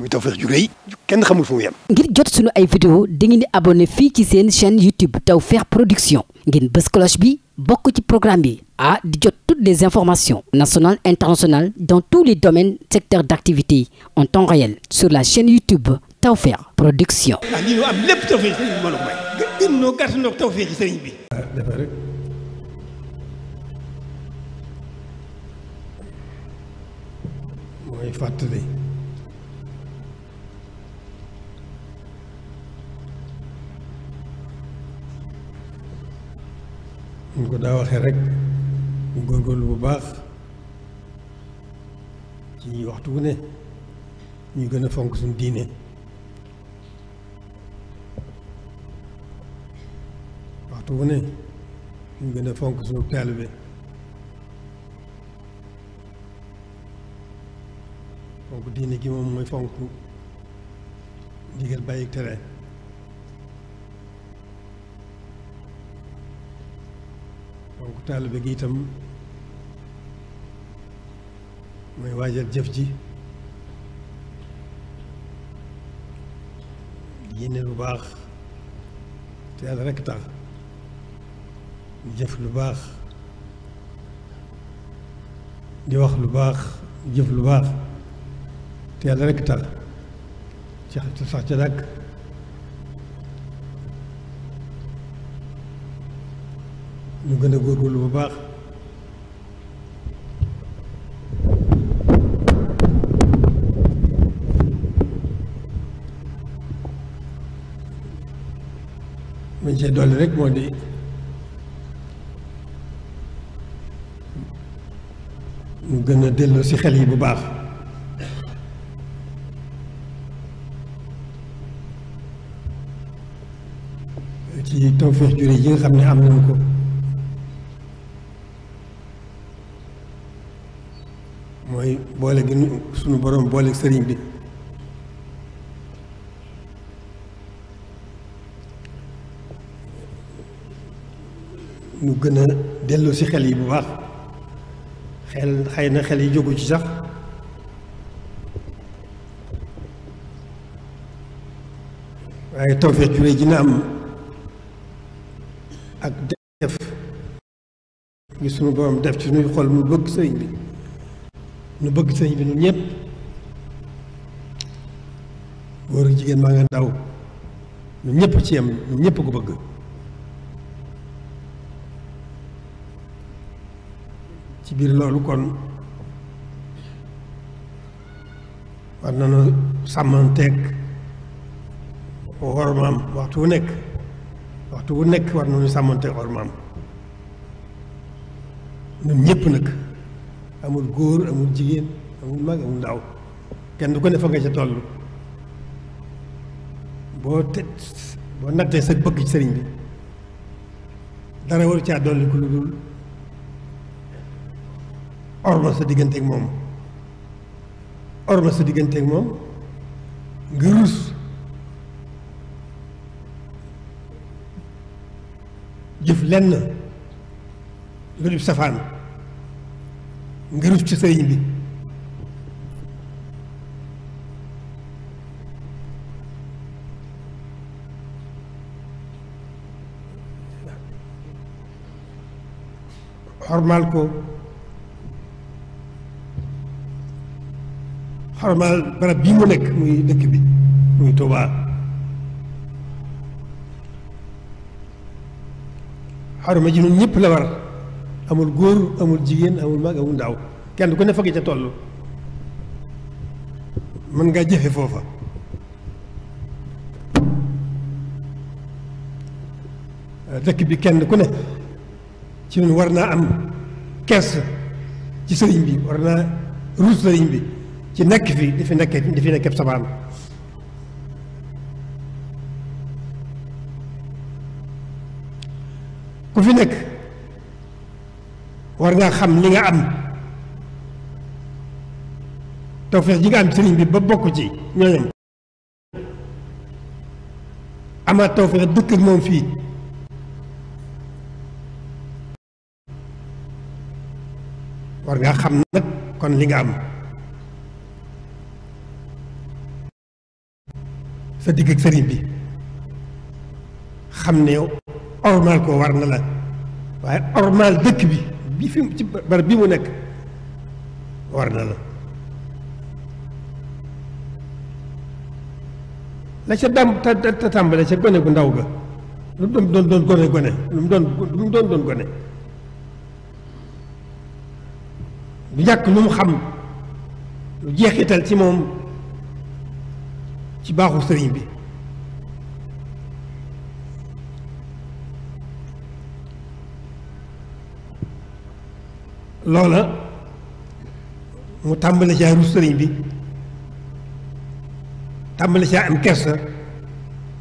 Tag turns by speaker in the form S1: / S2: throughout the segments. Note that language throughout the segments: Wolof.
S1: muy Tawfekh ngir jot sunu ay vidéo dangeen di abonné fii ci seen chaîne YouTube Tawfekh Production ngeen bës bi bokk ci programme bi ah di jot toutes des informations nationales internationales dans tous les domaines secteurs d'activité en temps réel sur la chaîne YouTube Tawfekh Production. ah lii ñu ko daa waxee rek ñu góorgóorlu bu baax ci waxtu wu ne ñu gën a fonk suñu diine waxtu wu ne ñu gën a fonk suñu taalibe fonk diine gi moom mooy fonk ndigal bàyyi tere taal taalibe gi itam mooy waajal jëf ji yéene lu baax te yàlla rekk tax jëf lu baax di wax lu baax jëf lu baax te yàlla rekk tax ci sax ca ñu gën a góorgóorlu bu baax mañ cee dolli rek moo di ñu gën a delloo si xel yi bu baax ci tawfeex jure yi nga xam ne am nañu ko mooy boole gi suñu boroom boole sëriñ bi mu gën a delloo ci xel yi bu baax xel xëy na xel yi jógu ci sax waaye tawfeex jure ji na am ak def gi suñu borom def ci suñuy xol mu bëgg sëriñ bi nu bëgg sëñ bi ñun ñëpp góor jigéen maa ngi daw ñun ñëpp ci yem ñun ñëpp ko bëgg ci biir loolu kon war nañu sàmmanteeg xormaam waxtu wu nekk waxtu wu nekk war nañu sàmmanteeg xormaam ñun ñëpp nag amul góor amul jigéen amul mag amul ndaw kenn ku ne fa nga ca toll boo te boo nattee sa bëgg sëriñ bi dara waru caa dolli ku lu dul orma sa digganteeg moom orma sa digganteeg moom nga rus jëf lenn lu dul safaan ngir ci sëriñ bi xormaal ko xormaal barab bii mu nekk muy dëkk bi muy Tuubaa xorma ji ñun ñëpp la war amul góor amul jigéen amul mag amul ndaw kenn ku ne fa nga ca toll mën ngaa jëfe foofa dëkk bi kenn ku ne ci ñun war naa am kers ci sëriñ bi war naa ruus sëriñ bi ci nekk fi di fi nekkee di fi nekkee sabaan ku fi nekk war ngaa xam li nga am tawfeex ji nga am sëriñ bi ba bokk ci ñooñam amaat tawfeex dëkk moom fii war nga xam nag kon li nga am sa digg sëriñ bi xam ne ormal ko war na la waaye ormal dëkk bi bi fi ci barab bi mu nekk war na la la ca dam ta tàmbale ca gone gu ndaw ga lu mu doon doon gone gone lu mu doon lu mu doon doon gone lu ñàkk lu mu xam lu jeexital ci moom ci baaxu sëriñ bi loola mu tàmbale caa rus sëriñ bi tàmbali caa am kersa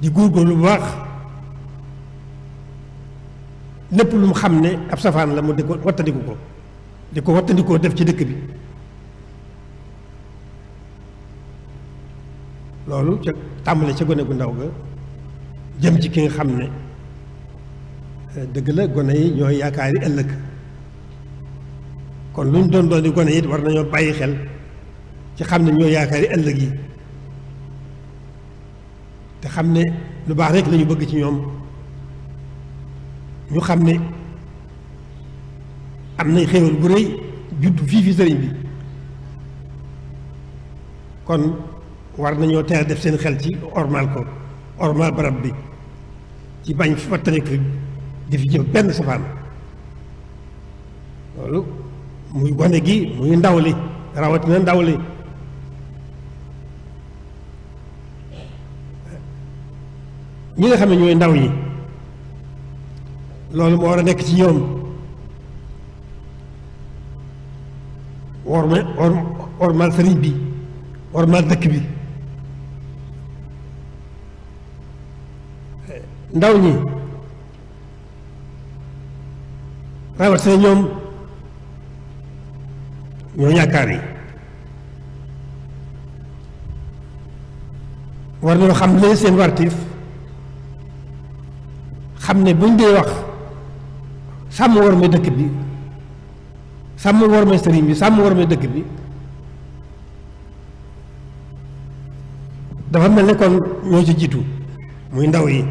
S1: di góorgóorlu lu baax lépp lu mu xam ne ab safaan la mu di ko wattandiku ko di ko wattandikoo def ci dëkk bi loolu ca tàmbali ca gone gu ndaw ga jëm ci ki nga xam ne dëgg la gone yi ñooy yaakaari ëllëg kon lu ñu doon doon di gone it war nañoo bàyyi xel ci xam ne ñoo yaakaari ëllëg yi te xam ne lu baax rek lañu bëgg ci ñoom ñu xam ne am na xéewal bu rëy judd fii fi sëriñ bi kon war nañoo teel def seen xel ci ormal ko ormal barab bi ci bañ fàttaliku di fi jëf benn safaan muy gone gi muy ndaw li rawatina ndaw li ñi nga xam ne ñooy ndaw yi loolu moo war a nekk ci ñoom worma wormal sëriñ bi wormal dëkk bi ndaw ñi rawatina ñoom ñoo ñàkkaar yi war nañoo xam leen seen wartiif xam ne buñ dee wax sàmm war dëkk bi sàmm war sëriñ bi sàmm war ma dëkk bi dafa mel ne kon ñoo ci jiitu muy ndaw yi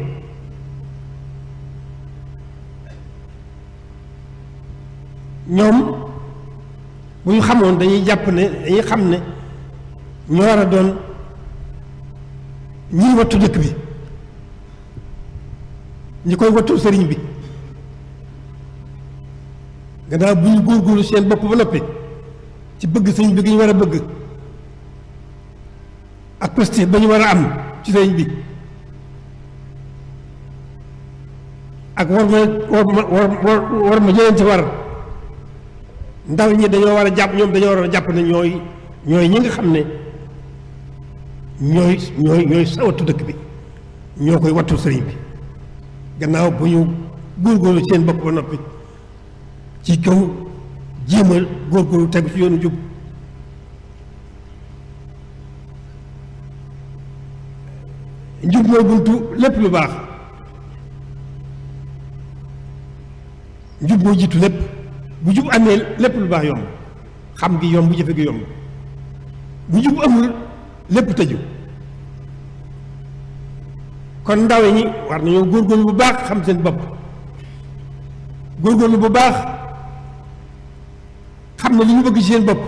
S1: ñoom bu ñu xamoon dañuy jàpp ne dañuy xam ne ñu war a doon ñi wattu dëkk bi ñi koy wattu sëriñ bi gannaaw bu ñu góorgóorlu seen bopp ba noppi ci bëgg sëriñ bi gi ñu war a bëgg ak pastif ba ñu war a am ci sëriñ bi ak war ma war ma war ma jëleen ci war ndaw ñi dañoo war a jàpp ñoom dañoo war a jàpp ne ñooy ñooy ñi nga xam ne ñooy ñooy sawatu dëkk bi ñoo koy wattu sëriñ bi gannaaw bu ñu góorgóorlu seen bopp ba noppi ci kaw jéemal góorgóorlu tegu ci yoonu jub njub mooy buntu lépp lu baax njub mooy jiitu lépp bu jub amee lépp lu baax yomb xam ngi yomb jëfe gi yomb bu jub amul lépp tëju kon ndaw ñi war nañoo góorgóorlu bu baax xam seen bopp góorgóorlu bu baax xam ne li ñu bëgg ci seen bopp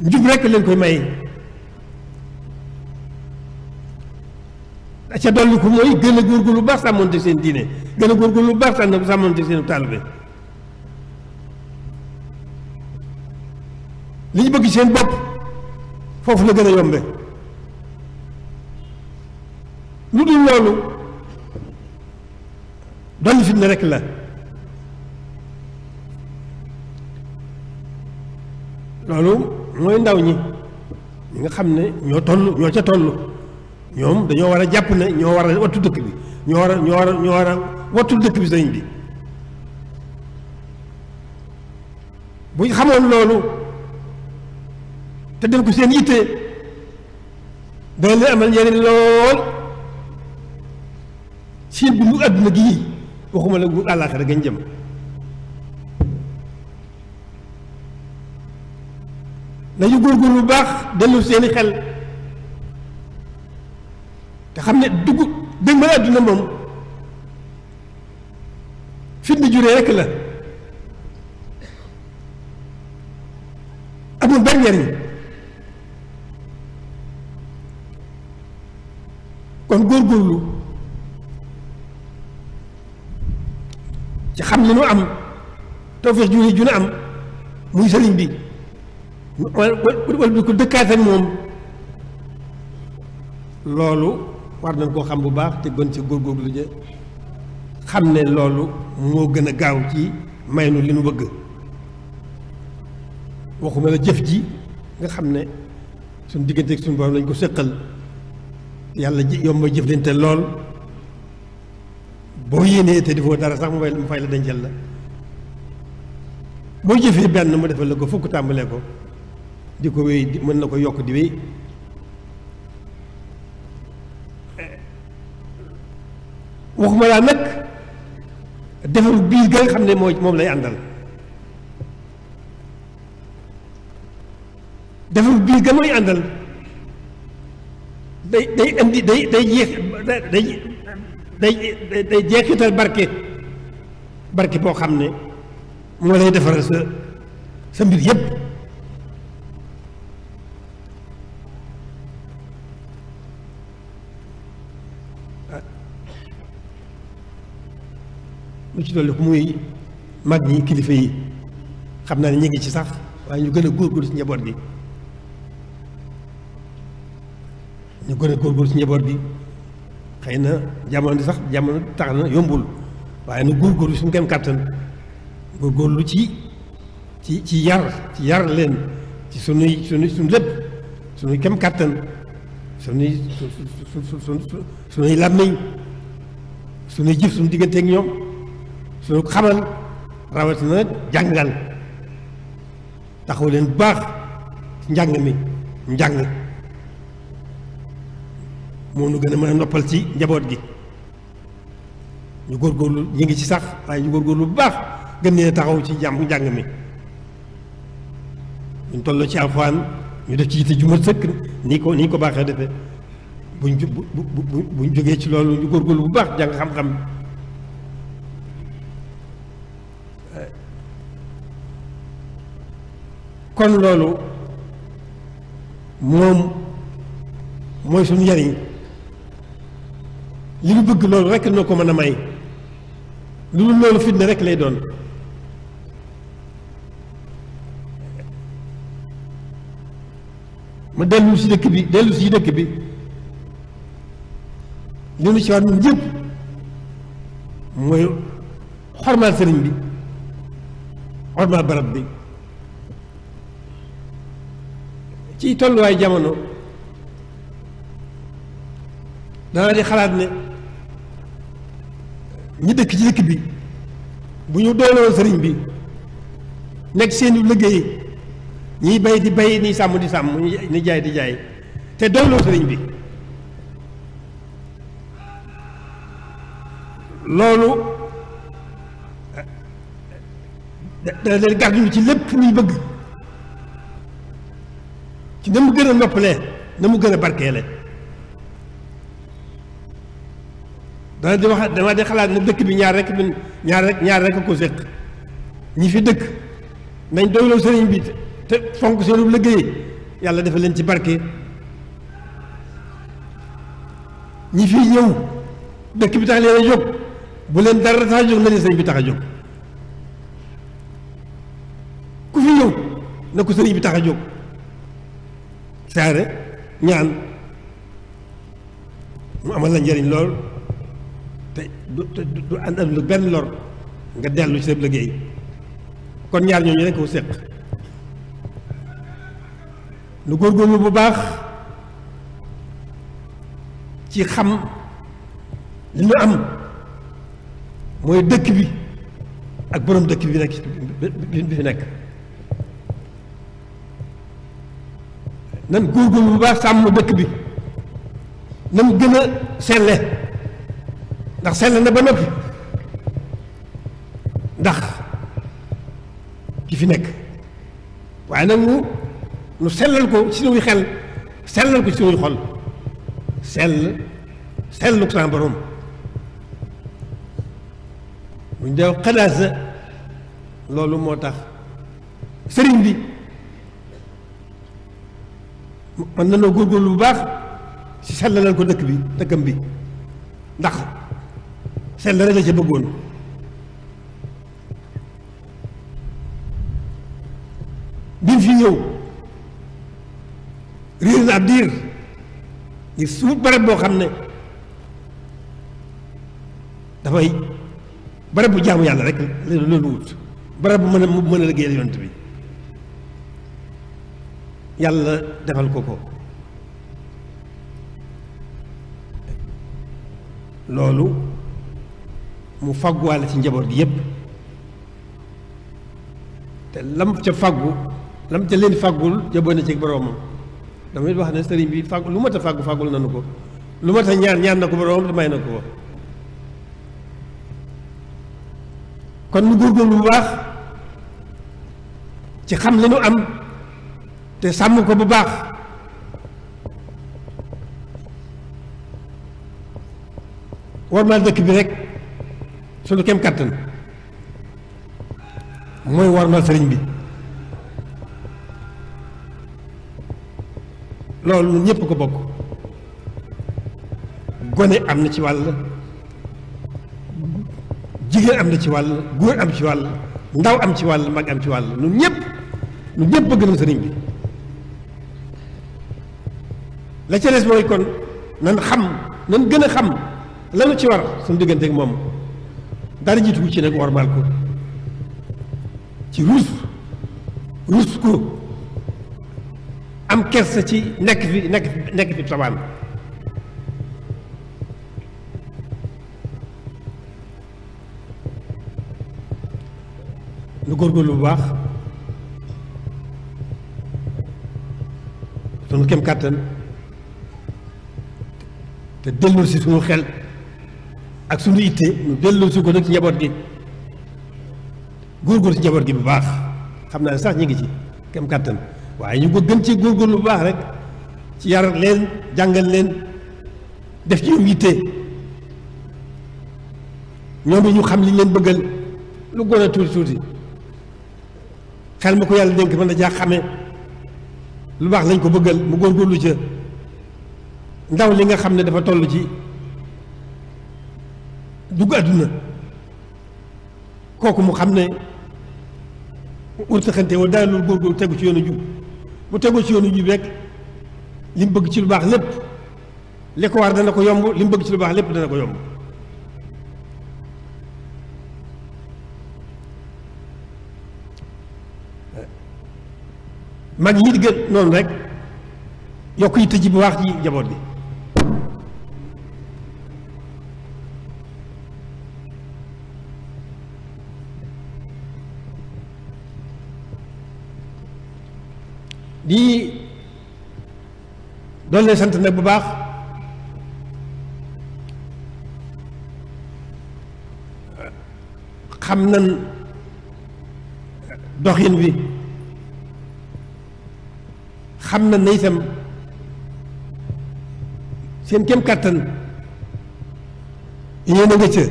S1: njub rekk leen koy may ca dolli ko mooy gën a góorgóorlu bu baax sàmmoonte seen diine gën a góorgóorlu bu baax sàmmoonte seen taalibe li ñu bëgg seen bopp foofu la gën a yombe lu dul loolu dolli fitna rekk la loolu mooy ndaw ñi ñi nga xam ne ñoo toll ñoo ca toll ñoom dañoo war a jàpp ne ñoo war a wattu dëkk bi ñoo war a ñoo war a ñoo dëkk bi sëñ bi bu ñu xamoon loolu te def ko seen yitte dana leen amal njëriñ lool seen dundu àdduna gii waxuma la gu àllaaxira gañ jëm nañu góorgóorlu bu baax dellu seeni xel te xam ne dugg dëgg ma àdduna moom fitna juree rekk la góorgóorlu ci xam li nu am tawfeex june ju nu am muy sëriñ bi wala wala bi ko dëkkaat moom loolu war nañ koo xam bu baax te gën ci góorgóorlu ja xam ne loolu moo gën a gaaw ci may nu li nu bëgg waxuma la jëf ji nga xam ne suñ diggante ak suñu borom lañ ko sëqal yàlla yomb a jëflante lool boo yéenee te defoo dara sax mu fay mu fay la dencal la boo jëfee benn mu defal la ko fukk tàmbalee ko di ko wéy mën na ko yokk di wéy waxuma laa nag defaru biir ga xam ne moo moom lay àndal defaru biir ga mooy àndal day day indi day day jeex day day day jeexital barke barke boo xam ne moo lay defaral sa sa mbir yépp ah. lu ci dolli ku muy mag ñi kilifa yi xam naa ni ñu ngi ci sax waaye ñu gën a góorgóorlu ci njaboot bi ñu gën a góorgóor ci njaboot gi xëy na jamono di sax jamono tax na yombul waaye góor góorgóorlu suñu kenn kàttan góor lu ci ci ci yar ci yar leen ci sunuy sunuy su lépp sunuy kem kàttan sunuy sunuy làmmiñ sunuy jëf suñu digganteeg ñoom suñu xamal rawatina jàngal taxaw leen bu baax njàng mi njàng moom ñu gën a mën a noppal ci njaboot gi ñu góorgóorlu ñu ngi ci sax waaye ñu góorgóorlu bu baax gën leen taxaw ci jàmm njàng mi ñu tolloo ci alxuraan ñu def ci yitte ju mat sëkk ni ko ni ko baaxee defee buñ bu bu jógee ci loolu ñu góorgóorlu bu baax jàng xam-xam kon loolu moom mooy suñu njariñ li mu bëgg loolu rek noo ko mën a may lu dul loolu fitna rek lay doon ma dellu si dëkk bi dellusi dëkk bi li nu ci war ñun yëpp mooy xormaal sëriñ bi xormaal barab bi ci tolluwaay jamono dana di xalaat ne ñi dëkk ci dëkk bi bu ñu dooloo sëriñ bi nekk seenu liggéey ñiy bay di bay ni sàmm di sàmm ni jaay di jaay te dooloo sëriñ bi loolu da leen gàddu ci lépp luy bëgg ci na gën a noppalee na mu gën a barkeele dana di wax dama di xalaat ne dëkk bi ñaar rek ñaar rek rek ko seq ñi fi dëkk nañ doyloo sëriñ bi te fonk seenub liggéey yàlla dafa leen ci barke ñi fi ñëw dëkk bi tax leen a jóg bu leen dara tax a jóg na leen sëriñ bi tax a jóg ku fi ñëw na ko sëriñ bi tax a jóg saare ñaan mu amal la njariñ lool te du du ànd ak lu benn lor nga dellu ci sa liggéey kon ñaar ñooñu rek ko séq lu góorgóorlu bu baax ci xam li ñu am mooy dëkk bi ak boroom dëkk bi nekk bi fi nekk nan góorgóorlu bu baax sa am sàmm dëkk bi nan gën a selle ndax sell na ba noppi ndax ki fi nekk waaye nag mu nu sellal ko ci suñuy xel sellal ko ci suñuy xol sell sellu ko sama borom buñ dee xadaasa loolu moo tax sëriñ bi mën na noo góorgóorlu bu baax ci sellalal ko dëkk bi dëkkam bi ndax sell rek la ca bëggoon bi mu fi ñëw riir na ab diir ngir suuf barab boo xam ne dafay barab bu jaamu yàlla rek loolu wut barab bu mën a mën a liggéeyal yont bi yàlla defal ko ko loolu mu fagguwaale ci njaboot gi yépp te lam ca faggu lam ca leen faggul jaboo na ci boroomam damay wax ne sëriñ bi faggu lu mat a faggu faggul nanu ko lu mat a ñaan ñaan na ko boroomam te may na ko kon nu góorgóorlu bu baax ci xam li nu am te sàmm ko bu baax war maa dëkk bi rek suñu kem kàttan mooy warmal sëriñ bi loolu ñun ñëpp ko bokk gone am na ci wàll jigéen am na ci wàll góor am ci wàll ndaw am ci wàll mag am ci wàll ñun ñëpp ñun ñëpp bëgg nañ sëriñ bi la ca des kon nan xam nan gën a xam lanu ci war suñu diggante ak moom dara jiitu ci nag warmaal ko ci ruus ruus ko am kersa ci nekk fi nekk nekk fi tabaan lu góorgóorlu bu baax sunu kem kàttan te delloo si sunu xel ak suñu ittee ñu delloo si ko nag ci njaboot gi góorgóor ci njaboot gi bu baax xam naa sax ñu ngi ci kem kàttan waaye ñu ko gën ci góor lu baax rek ci yar leen jàngal leen def ci ñoom yitte ñoom bi ñu xam li leen bëggal lu gën a tuuti tuuti xel ma ko yàlla dénk mën na jaa xamee lu baax lañ ko bëggal mu góorgóorlu ca ndaw li nga xam ne dafa toll ci dugg àdduna kooku mu xam ne wërtaxante wala daal loolu góorgóorlu tegu ci yoonu jub bu tegu ci yoonu jub rek li mu bëgg ci lu baax lépp li ko dana ko yomb li mu bëgg ci lu baax lépp dana ko yomb mag ñi di gën noonu rek yokk yitte ji bu baax ji jaboot bi di doon lay sant nag bu baax xam nan doxin wi xam nan na itam seen kem kàttan yéen a nga ca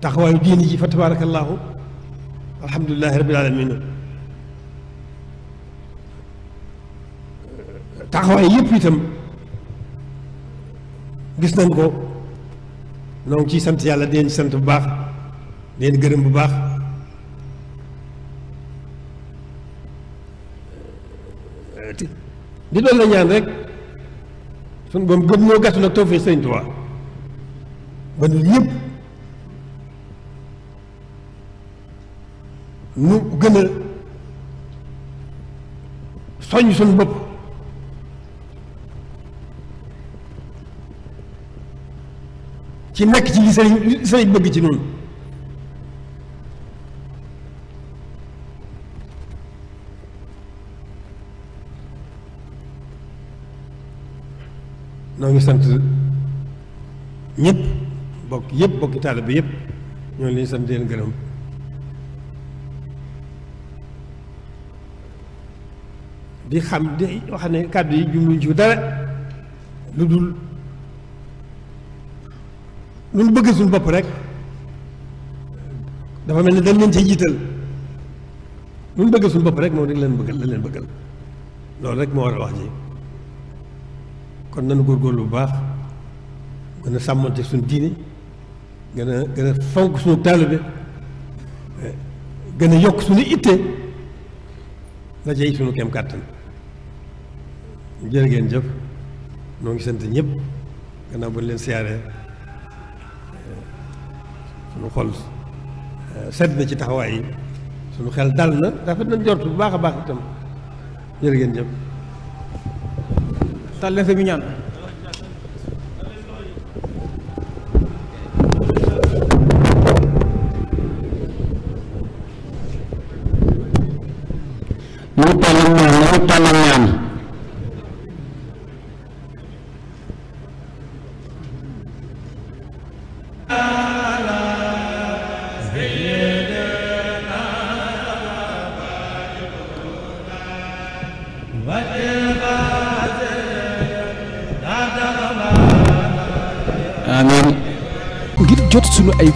S1: taxawaayu diini ji fa tabaarakallaahu alhamdulilahi rabbil alamin taxawaay yëpp itam gis nañ ko noo ngi sant yàlla di leen sant bu baax di leen gërëm bu baax di doon la ñaan rek suñu boom gëm noo gàttu nag tawfeex sëriñ Tuubaa ba ñun ñëpp nu gën a soññ suñu bopp ci nekk ci li sëriñ li sëriñ bëgg ci noonu noo ngi sant ñëpp bokk yëpp bokki taalibe bi yëpp ñoo leen sant leen gënam di xam di wax ne kàddu yi jumluñ ci dara lu dul lu nu bëgg suñu bopp rek dafa mel ne dañ leen ci jiital lu nu bëgg suñu bopp rek moom dañ leen bëggal dañ leen bëggal loolu rek moo war a wax ji kon nanu góor lu baax gën a sàmmante suñu diine gën a gën a fonk suñu taalibe gën a yokk suñu itte la jey suñu kem kàttan jërë ngeen jëf noo ngi sant ñëpp gannaaw ba leen siyaaree sunu xol eh, sedd na ci taxawaay yi sunu xel dal na rafet na jot bu baax a baax itam jërë ngeen jëf. tàllee sa mi ñaan. ñu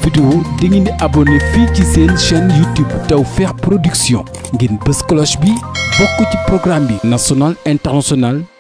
S1: vidéo da ngeen di abonné fii ci seen chaîne YouTube Tawfekh Production ngeen bës cloche bi bokk ci programme bi nasonal international